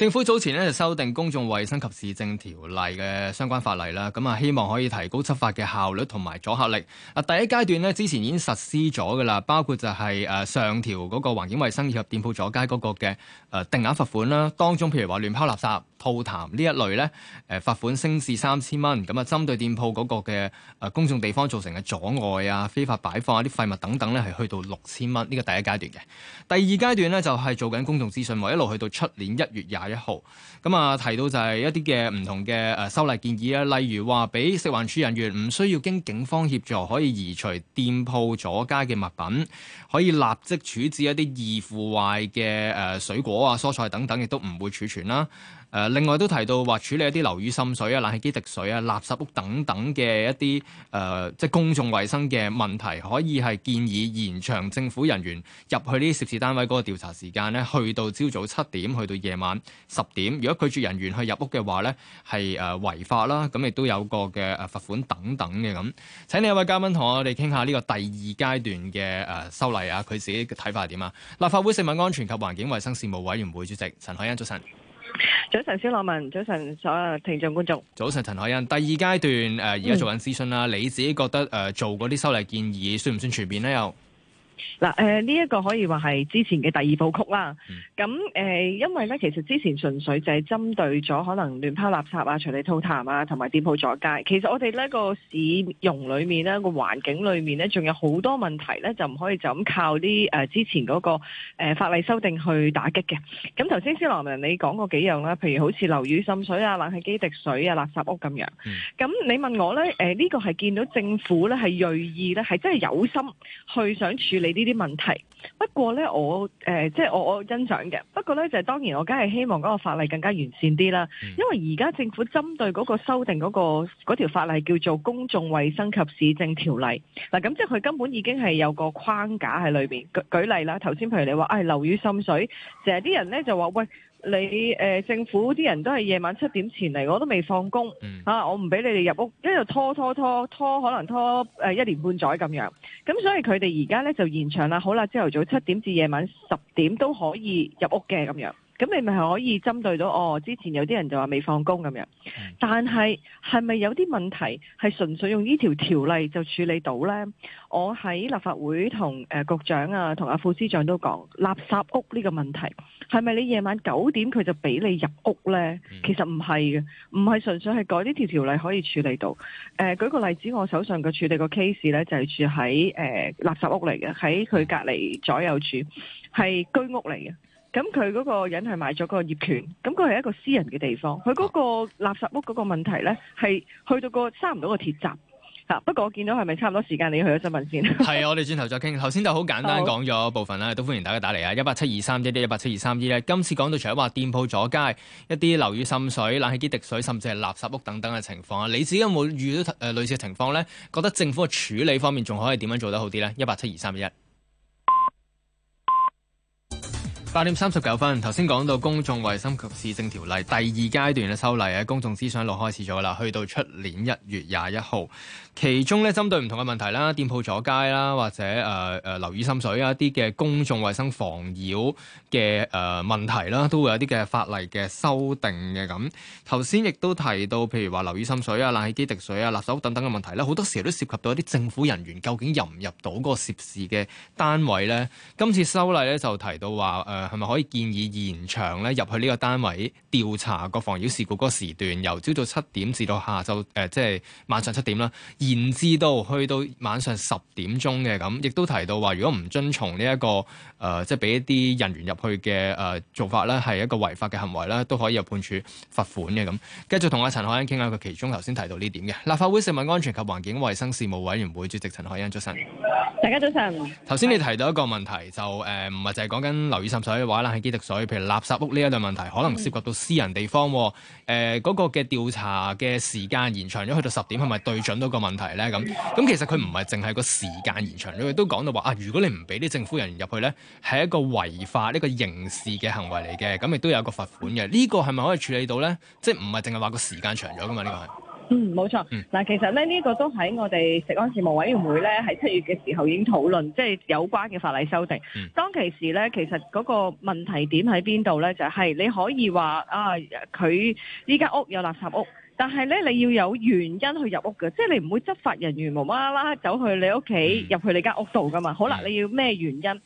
政府早前咧就修訂公眾衛生及市政條例嘅相關法例啦，咁啊希望可以提高執法嘅效率同埋阻嚇力。啊，第一階段咧之前已經實施咗噶啦，包括就係誒上調嗰個環境衛生以及店鋪阻街嗰個嘅誒定額罰款啦。當中譬如話亂拋垃圾。鋪談呢一類呢，誒罰款升至三千蚊。咁啊，針對店鋪嗰個嘅公眾地方造成嘅阻礙啊，非法擺放一啲廢物等等呢，係去到六千蚊呢個第一階段嘅。第二階段呢，就係、是、做緊公眾諮詢，一路去到出年一月廿一號咁啊，提到就係一啲嘅唔同嘅誒修例建議啊，例如話俾食環署人員唔需要經警方協助可以移除店鋪阻街嘅物品，可以立即處置一啲易腐壞嘅水果啊、蔬菜等等，亦都唔會儲存啦、啊。誒另外都提到話處理一啲樓宇滲水啊、冷氣機滴水啊、垃圾屋等等嘅一啲誒、呃，即係公眾衞生嘅問題，可以係建議延長政府人員入去呢啲涉事單位嗰個調查時間呢，去到朝早七點，去到夜晚十點。如果拒絕人員去入屋嘅話呢，係誒、呃、違法啦。咁亦都有個嘅誒罰款等等嘅咁。請你一位嘉賓同我哋傾下呢個第二階段嘅誒、呃、修例啊，佢自己嘅睇法係點啊？立法會食物安全及環境衞生事務委員會主席陳凱欣，早晨。早晨，小羅文。早晨，所有聽眾觀眾。早晨，陳凱欣。第二階段誒，而、呃、家做緊諮詢啦。嗯、你自己覺得誒、呃，做嗰啲修例建議算唔算全面咧？又？嗱，誒，呢一個可以話係之前嘅第二部曲啦。咁、嗯，誒，因為呢，其實之前純粹就係針對咗可能亂拋垃圾啊、隨地吐痰啊、同埋店鋪阻街。其實我哋呢個市容裏面呢，個環境裏面呢，仲有好多問題呢，就唔可以就咁靠啲誒之前嗰個誒法例修訂去打擊嘅。咁頭先先朗文你講過幾樣啦，譬如好似樓宇滲水啊、冷氣機滴水啊、垃圾屋咁樣。咁、嗯、你問我呢，誒、這、呢個係見到政府呢，係銳意呢，係真係有心去想處理。呢啲問題，不過呢，我誒、呃、即係我我欣賞嘅。不過呢，就係、是、當然，我梗係希望嗰個法例更加完善啲啦。因為而家政府針對嗰個修訂嗰、那個條法例叫做《公眾衞生及市政條例》嗱，咁即係佢根本已經係有個框架喺裏邊舉例啦。頭先譬如你話，誒、哎、樓宇滲水，成日啲人呢就話喂，你誒、呃、政府啲人都係夜晚七點前嚟，我都未放工、嗯啊、我唔俾你哋入屋，一路拖拖拖拖，可能拖、呃、一年半載咁樣。咁所以佢哋而家咧就延長啦，好啦，朝頭早七點至夜晚十點都可以入屋嘅咁樣。咁你咪可以針對到哦？之前有啲人就話未放工咁樣，但係係咪有啲問題係純粹用呢條條例就處理到呢？我喺立法會同、呃、局長啊，同阿副司長都講垃圾屋呢個問題係咪你夜晚九點佢就俾你入屋呢？Mm. 其實唔係嘅，唔係純粹係改呢條條例可以處理到。誒、呃，舉個例子，我手上嘅處理個 case 呢，就係、是、住喺誒、呃、垃圾屋嚟嘅，喺佢隔離左右處，係居屋嚟嘅。咁佢嗰個人係買咗個業權，咁佢係一個私人嘅地方。佢嗰個垃圾屋嗰個問題咧，係去到個差唔多個鐵閘。嗱，不過我見到係咪差唔多時間？你去咗新聞先。係 啊，我哋轉頭再傾。頭先就好簡單講咗部分啦，好都歡迎大家打嚟啊！一八七二三一一八七二三一咧。今次講到除咗話店鋪阻街、一啲樓宇滲水、冷氣機滴水，甚至係垃圾屋等等嘅情況啊，你自己有冇遇到誒類似嘅情況咧？覺得政府嘅處理方面仲可以點樣做得好啲咧？一八七二三一。八點三十九分，頭先講到公眾衛生及市政條例第二階段嘅修例啊，公眾諮詢一路開始咗啦，去到出年一月廿一號。其中咧針對唔同嘅問題啦，店鋪阻街啦，或者誒誒、呃、樓宇滲水啊，一啲嘅公眾衛生妨擾嘅誒問題啦，都會有啲嘅法例嘅修訂嘅咁。頭先亦都提到，譬如話樓宇滲水啊、冷氣機滴水啊、垃圾屋等等嘅問題咧，好多時候都涉及到一啲政府人員究竟入唔入到個涉事嘅單位呢。今次修例呢，就提到話誒。呃係咪可以建議延長咧入去呢個單位調查個防擾事故嗰個時段，由朝早七點至到下晝誒，即、呃、係、就是、晚上七點啦，延至到去到晚上十點鐘嘅咁。亦都提到話，如果唔遵從呢、這、一個誒、呃，即係俾一啲人員入去嘅誒、呃、做法咧，係一個違法嘅行為啦，都可以有判處罰款嘅咁。繼續同阿陳凱欣傾下佢其中頭先提到呢點嘅，立法會食物安全及環境衞生事務委員會主席陳凱欣，早晨。大家早晨。頭先你提到一個問題，就誒唔係就係講緊劉以心。所以話啦，係滲水，譬如垃圾屋呢一類問題，可能涉及到私人地方。誒、呃，嗰、那個嘅調查嘅時間延長咗，去到十點，係咪對準到個問題咧？咁咁其實佢唔係淨係個時間延長咗，佢都講到話啊，如果你唔俾啲政府人員入去咧，係一個違法呢、這個刑事嘅行為嚟嘅，咁亦都有一個罰款嘅。呢、這個係咪可以處理到咧？即係唔係淨係話個時間長咗㗎嘛？呢、這個係。嗯，冇錯。嗱、嗯，其實咧，呢、這個都喺我哋食安事務委員會咧，喺七月嘅時候已經討論，即、就、係、是、有關嘅法例修訂。嗯、當其時咧，其實嗰個問題點喺邊度咧？就係、是、你可以話啊，佢呢間屋有垃圾屋，但係咧，你要有原因去入屋嘅，即係你唔會執法人員無啦啦走去你屋企、嗯、入去你間屋度噶嘛？好啦，你要咩原因？嗯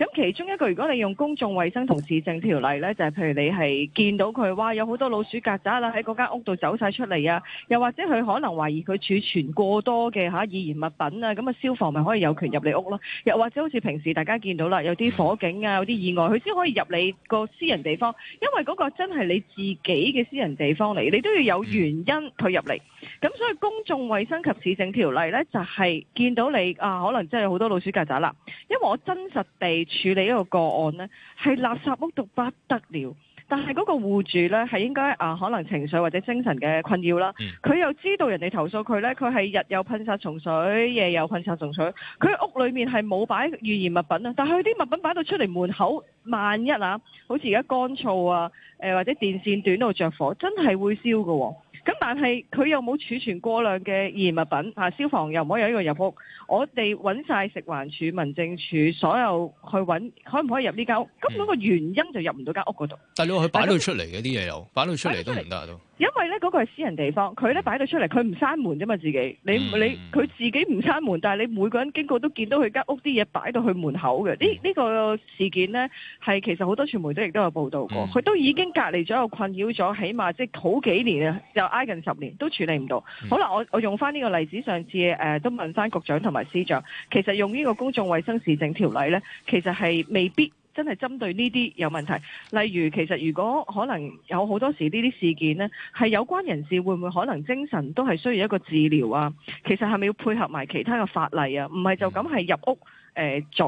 咁其中一個，如果你用公眾衛生同市政條例呢，就係譬如你係見到佢哇，有好多老鼠曱甴啦，喺嗰間屋度走晒出嚟啊！又或者佢可能懷疑佢儲存過多嘅嚇易燃物品啊，咁啊，消防咪可以有權入你屋咯？又或者好似平時大家見到啦，有啲火警啊，有啲意外，佢先可以入你個私人地方，因為嗰個真係你自己嘅私人地方嚟，你都要有原因佢入嚟。咁所以公眾衛生及市政條例呢，就係見到你啊，可能真係好多老鼠曱甴啦。因為我真實地。處理一個個案呢，係垃圾屋到不得了，但係嗰個戶主呢，係應該啊、呃，可能情緒或者精神嘅困擾啦。佢、嗯、又知道人哋投訴佢呢，佢係日有噴殺蟲水，夜有噴殺蟲水。佢屋裏面係冇擺預言物品啊，但係佢啲物品擺到出嚟門口，萬一啊，好似而家乾燥啊、呃，或者電線短路着火，真係會燒㗎喎、啊。咁但係佢又冇儲存過量嘅易燃物品。吓，消防又唔可以有呢個入屋。我哋揾晒食環署、民政署，所有去揾，可唔可以入呢間屋？根本個原因就入唔到間屋嗰度。但係你話佢擺到出嚟嘅啲嘢又擺到出嚟都唔得都。因為咧嗰、那個係私人地方，佢咧擺到出嚟，佢唔閂門啫嘛，自己你你佢自己唔閂門，但係你每個人經過都見到佢間屋啲嘢擺到佢門口嘅。呢呢、這個事件呢，係其實好多傳媒都亦都有報道過，佢、嗯、都已經隔離咗，困擾咗，起碼即係好幾年啊，又挨近十年都處理唔到。嗯、好啦，我我用翻呢個例子，上次誒、呃、都問翻局長同埋司長，其實用呢個公眾衛生市政條例呢，其實係未必。真係針對呢啲有問題，例如其實如果可能有好多時呢啲事件呢，係有關人士會唔會可能精神都係需要一個治療啊？其實係咪要配合埋其他嘅法例啊？唔係就咁係入屋、呃、早、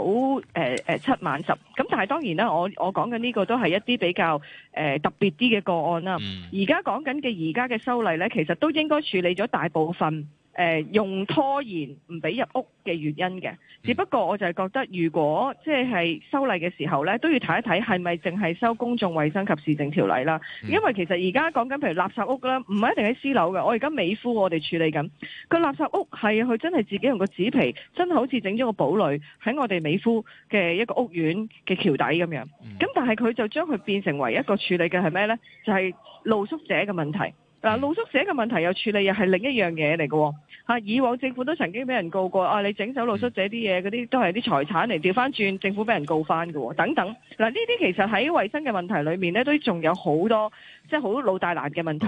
呃、七晚十咁，但係當然啦，我我講嘅呢個都係一啲比較、呃、特別啲嘅個案啦、啊。而家講緊嘅而家嘅修例呢，其實都應該處理咗大部分。誒、呃、用拖延唔俾入屋嘅原因嘅，只不過我就係覺得，如果即係修例嘅時候咧，都要睇一睇係咪淨係收公眾衛生及市政條例啦。嗯、因為其實而家講緊譬如垃圾屋啦，唔係一定喺私樓嘅。我而家美孚我哋處理緊，個垃圾屋係佢真係自己用個紙皮，真係好似整咗個堡壘喺我哋美孚嘅一個屋苑嘅橋底咁樣。咁、嗯、但係佢就將佢變成為一個處理嘅係咩咧？就係、是、露宿者嘅問題。嗱，露宿者嘅問題又處理又係另一樣嘢嚟嘅喎，以往政府都曾經俾人告過，啊你整走露宿者啲嘢，嗰啲都係啲財產嚟，調翻轉政府俾人告翻嘅喎，等等。嗱呢啲其實喺衛生嘅問題裏面呢，都仲有好多即係好老大難嘅問題。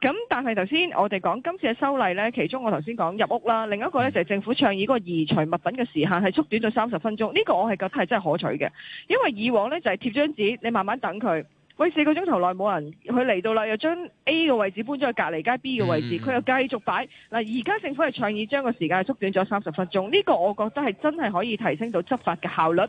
咁 Okay. 但係頭先我哋講今次嘅修例呢，其中我頭先講入屋啦，另一個呢，就係、是、政府倡議嗰個移除物品嘅時限係縮短咗三十分鐘，呢、這個我係覺得係真係可取嘅，因為以往呢，就係、是、貼張紙，你慢慢等佢。佢四個鐘頭內冇人，佢嚟到啦，又將 A 嘅位置搬咗去隔離街 B 嘅位置，佢、嗯、又繼續擺。嗱，而家政府係倡議將個時間縮短咗三十分鐘，呢、這個我覺得係真係可以提升到執法嘅效率。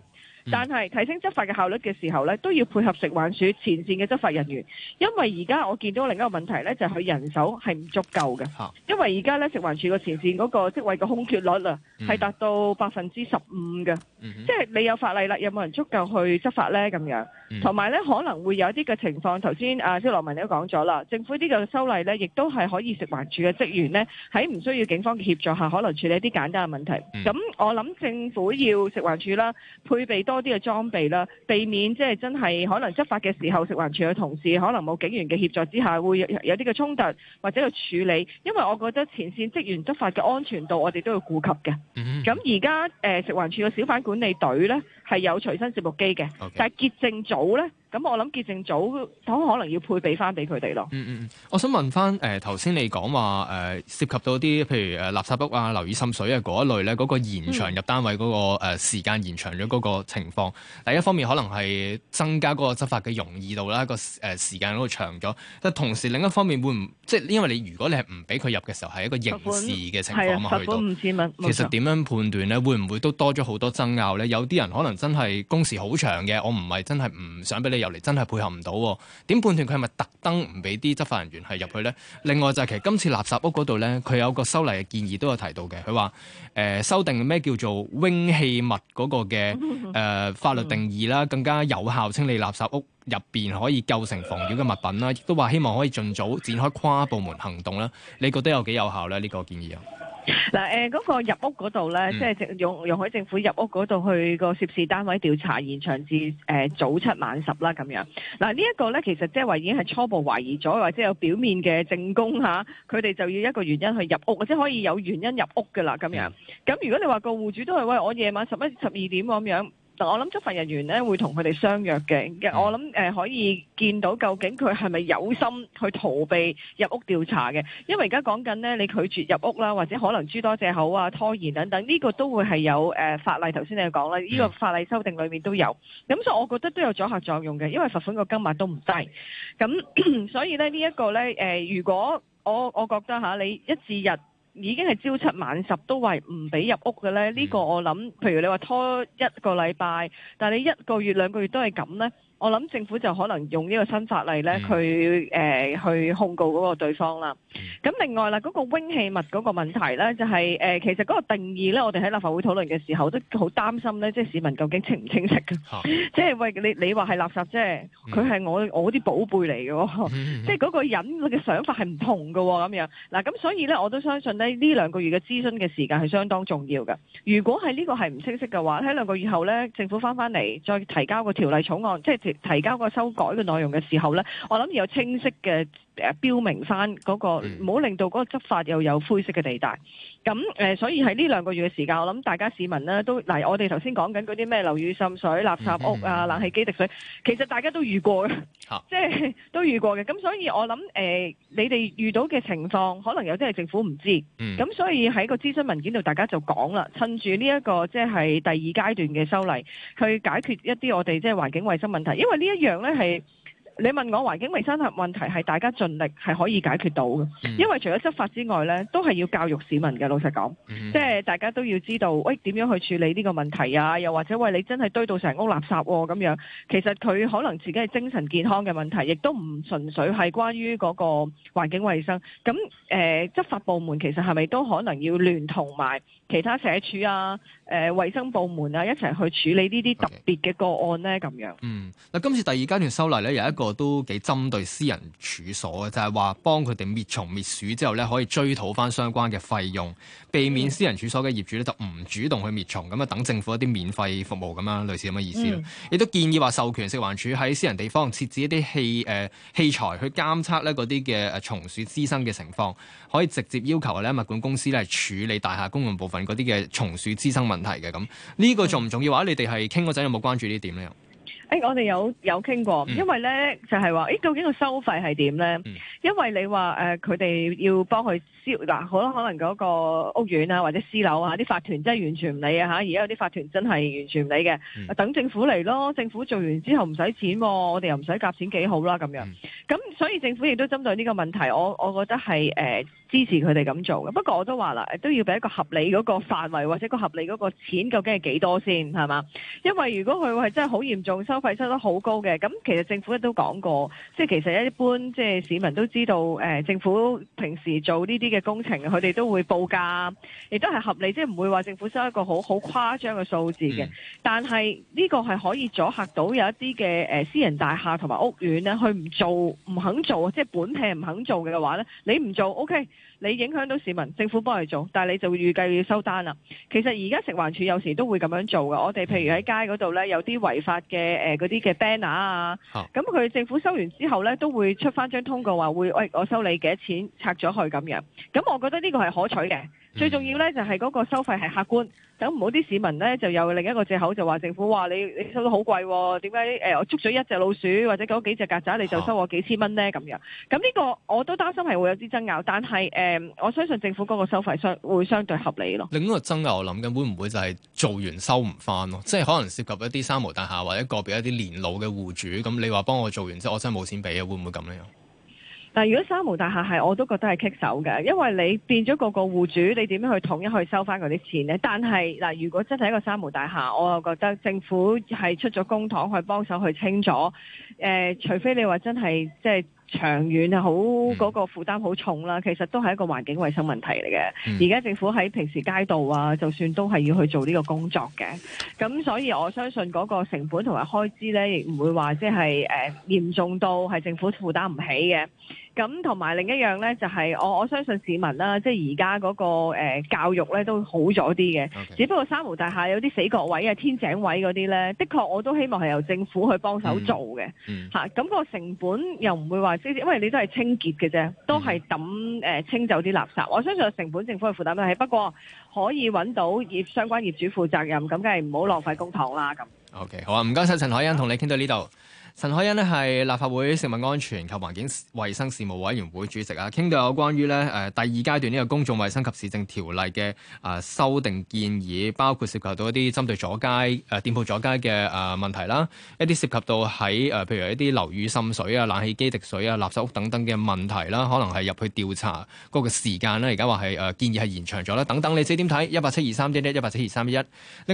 但係提升執法嘅效率嘅時候咧，都要配合食環署前線嘅執法人員，因為而家我見到另一個問題咧，就係佢人手係唔足夠嘅。因為而家咧食環署個前線嗰個職位嘅空缺率啊，係達到百分之十五嘅，嗯、哼即係你有法例啦，有冇人足夠去執法咧？咁樣同埋咧可能會有一啲嘅情況，頭先啊蕭羅文你都講咗啦，政府呢個修例咧，亦都係可以食環署嘅職員咧喺唔需要警方嘅協助下，可能處理一啲簡單嘅問題。咁、嗯、我諗政府要食環署啦，配備多，多啲嘅裝備啦，避免即係真係可能執法嘅時候，食環署嘅同事可能冇警員嘅協助之下，會有啲嘅衝突或者去處理。因為我覺得前線職員執法嘅安全度，我哋都要顧及嘅。咁而家誒食環署嘅小販管理隊咧，係有隨身攝錄機嘅，Okay. 但係潔淨組咧。咁我諗潔淨組好可能要配備翻俾佢哋咯。嗯嗯嗯，我想問翻誒頭先你講話誒涉及到啲譬如誒垃圾屋啊、留意滲水啊嗰一類咧，嗰、那個延長入單位嗰、那個誒、呃、時間延長咗嗰個情況，嗯、第一方面可能係增加嗰個執法嘅容易度啦，那個誒時間嗰度長咗，但同時另一方面會唔？即係因為你，如果你係唔俾佢入嘅時候，係一個刑事嘅情況嘛。去到其實點樣判斷咧，會唔會都多咗好多爭拗咧？有啲人可能真係工時好長嘅，我唔係真係唔想俾你入嚟，真係配合唔到。點判斷佢係咪特登唔俾啲執法人員係入去咧？另外就係其實今次垃圾屋嗰度咧，佢有個修例嘅建議都有提到嘅，佢話誒修訂咩叫做污氣物嗰個嘅誒、 呃、法律定義啦，更加有效清理垃圾屋。入邊可以構成防禦嘅物品啦，亦都話希望可以盡早展開跨部門行動啦。你覺得有幾有效咧？呢、這個建議啊？嗱、呃、誒，嗰、那個入屋嗰度咧，嗯、即係用用喺政府入屋嗰度去那個涉事單位調查現場至誒、呃、早七晚十啦咁樣。嗱呢一個咧，其實即係話已經係初步懷疑咗，或者有表面嘅證供嚇，佢、啊、哋就要一個原因去入屋，或者可以有原因入屋嘅啦咁樣。咁、嗯、如果你話個戶主都係喂我夜晚十一十二點咁樣。我諗執法人員咧會同佢哋相約嘅，我諗誒可以見到究竟佢係咪有心去逃避入屋調查嘅，因為而家講緊咧，你拒絕入屋啦，或者可能諸多藉口啊、拖延等等，呢個都會係有誒法例頭先你講啦，呢個法例修訂裏面都有，咁所以我覺得都有阻嚇作用嘅，因為罰款個金額都唔低，咁 所以咧呢一個咧誒，如果我我覺得嚇你一至日。已經係朝七晚十都係唔俾入屋嘅咧，呢、這個我諗，譬如你話拖一個禮拜，但係你一個月兩個月都係咁咧。我諗政府就可能用呢個新法例咧，佢誒、呃、去控告嗰個對方啦。咁、嗯、另外啦，嗰、那個廢棄物嗰個問題咧，就係、是、誒、呃、其實嗰個定義咧，我哋喺立法會討論嘅時候都好擔心咧，即係市民究竟清唔清晰噶？啊、即係喂，你你話係垃圾啫，喔嗯嗯嗯、即佢係我我啲寶貝嚟嘅，即係嗰個人嘅想法係唔同嘅咁、喔、樣。嗱咁所以咧，我都相信咧呢兩個月嘅諮詢嘅時間係相當重要嘅。如果係呢個係唔清晰嘅話，喺兩個月後咧，政府翻翻嚟再提交個條例草案，即係。提交過修改嘅內容嘅時候咧，我諗有清晰嘅。誒、啊、標明翻、那、嗰個，唔好令到嗰個執法又有灰色嘅地帶。咁誒、呃，所以喺呢兩個月嘅時間，我諗大家市民呢都嗱，我哋頭先講緊嗰啲咩樓宇滲水、垃圾屋啊、冷氣機滴水，其實大家都遇過嘅，即係 都遇過嘅。咁所以我諗誒、呃，你哋遇到嘅情況，可能有啲係政府唔知。咁 所以喺個諮詢文件度，大家就講啦，趁住呢一個即係、就是、第二階段嘅修例，去解決一啲我哋即係環境衛生問題，因為呢一樣呢係。你問我環境衛生嘅問題係大家盡力係可以解決到嘅，因為除咗執法之外呢都係要教育市民嘅。老實講，即係、嗯、哼大家都要知道，喂、哎、點樣去處理呢個問題啊？又或者喂你真係堆到成屋垃圾喎、啊、咁樣，其實佢可能自己係精神健康嘅問題，亦都唔純粹係關於嗰個環境衛生。咁誒、呃、執法部門其實係咪都可能要聯同埋其他社署啊？誒、呃，衛生部門啊，一齊去處理呢啲特別嘅個案呢。咁樣。嗯，嗱，今次第二階段修例咧，有一個都幾針對私人處所嘅，就係、是、話幫佢哋滅蟲滅鼠之後呢，可以追討翻相關嘅費用，避免私人處所嘅業主呢就唔主動去滅蟲，咁啊等政府一啲免費服務咁樣類似咁嘅意思亦、嗯、都建議話授權食環署喺私人地方設置一啲器誒、呃、器材去監測呢嗰啲嘅誒蟲鼠滋生嘅情況，可以直接要求呢物管公司咧處理大廈公用部分嗰啲嘅蟲鼠滋生問題。題嘅，咁呢個重唔重要啊？你哋係傾嗰陣，有冇關注呢點咧？誒，我哋有有傾過，嗯、因為咧就係、是、話，誒，究竟個收費係點咧？嗯因為你話誒佢哋要幫佢消嗱，好、啊、多可能嗰個屋苑啊或者私樓啊啲法團真係完全唔理啊嚇，而家有啲法團真係完全唔理嘅，嗯、等政府嚟咯。政府做完之後唔使錢，我哋又唔使夾錢，幾好啦咁樣。咁、嗯、所以政府亦都針對呢個問題，我我覺得係誒、呃、支持佢哋咁做。不過我都話啦，都要俾一個合理嗰個範圍，或者個合理嗰個錢究竟係幾多先係嘛？因為如果佢係真係好嚴重收費收得好高嘅，咁其實政府都講過，即係其實一般即係市民都知道誒、呃、政府平時做呢啲嘅工程，佢哋都會報價，亦都係合理，即係唔會話政府收一個好好誇張嘅數字嘅。但係呢個係可以阻嚇到有一啲嘅誒私人大廈同埋屋苑咧，佢唔做、唔肯做，即係本嚟唔肯做嘅話咧，你唔做 OK。你影響到市民，政府幫佢做，但你就會預計要收單啦。其實而家食環署有時都會咁樣做嘅。我哋譬如喺街嗰度呢，有啲違法嘅誒嗰啲嘅 banner 啊，咁佢政府收完之後呢，都會出翻張通告話會喂，我收你幾多錢，拆咗佢咁樣。咁我覺得呢個係可取嘅。最重要呢，就係嗰個收費係客觀。嗯咁唔好啲市民呢？就有另一個藉口，就話政府話你你收得好貴喎、哦，點解誒我捉咗一隻老鼠或者嗰幾隻曱甴，你就收我幾千蚊呢？咁樣咁呢個我都擔心係會有啲爭拗，但係誒、呃，我相信政府嗰個收費相會相對合理咯。另一個爭拗我，我諗緊會唔會就係做完收唔翻咯？即係可能涉及一啲三無大廈或者一個別一啲年老嘅戶主，咁你話幫我做完之後，我真係冇錢俾啊，會唔會咁咧？但如果三無大廈係，我都覺得係棘手嘅，因為你變咗個個戶主，你點樣去統一去收翻嗰啲錢呢？但係嗱，如果真係一個三無大廈，我又覺得政府係出咗公帑去幫手去清咗。誒、呃，除非你話真係即係長遠好嗰個負擔好重啦，其實都係一個環境衛生問題嚟嘅。而家、嗯、政府喺平時街道啊，就算都係要去做呢個工作嘅。咁所以我相信嗰個成本同埋開支呢，亦唔會話即係誒嚴重到係政府負擔唔起嘅。咁同埋另一樣呢，就係、是、我我相信市民啦，即係而家嗰個、呃、教育呢都好咗啲嘅。Okay. 只不過三號大廈有啲死角位啊、天井位嗰啲呢，的確我都希望係由政府去幫手做嘅。咁、mm. 啊嗰個成本又唔會話，因為你都係清潔嘅啫，都係抌誒清走啲垃圾。我相信成本政府係負擔得起，不過可以揾到業相關業主負責任，咁梗係唔好浪費公帑啦。咁 OK，好啊，唔該晒。陳凱欣，同你傾到呢度。陳凱欣咧係立法會食物安全及環境衛生事務委員會主席啊，傾到有關於咧誒第二階段呢個公眾衛生及市政條例嘅啊修訂建議，包括涉及到一啲針對阻街誒店鋪阻街嘅誒問題啦，一啲涉及到喺誒譬如一啲樓宇滲水啊、冷氣機滴水啊、垃圾屋等等嘅問題啦，可能係入去調查嗰個時間呢，而家話係誒建議係延長咗啦，等等，你自己點睇？一八七二三一一一八七二三一一，另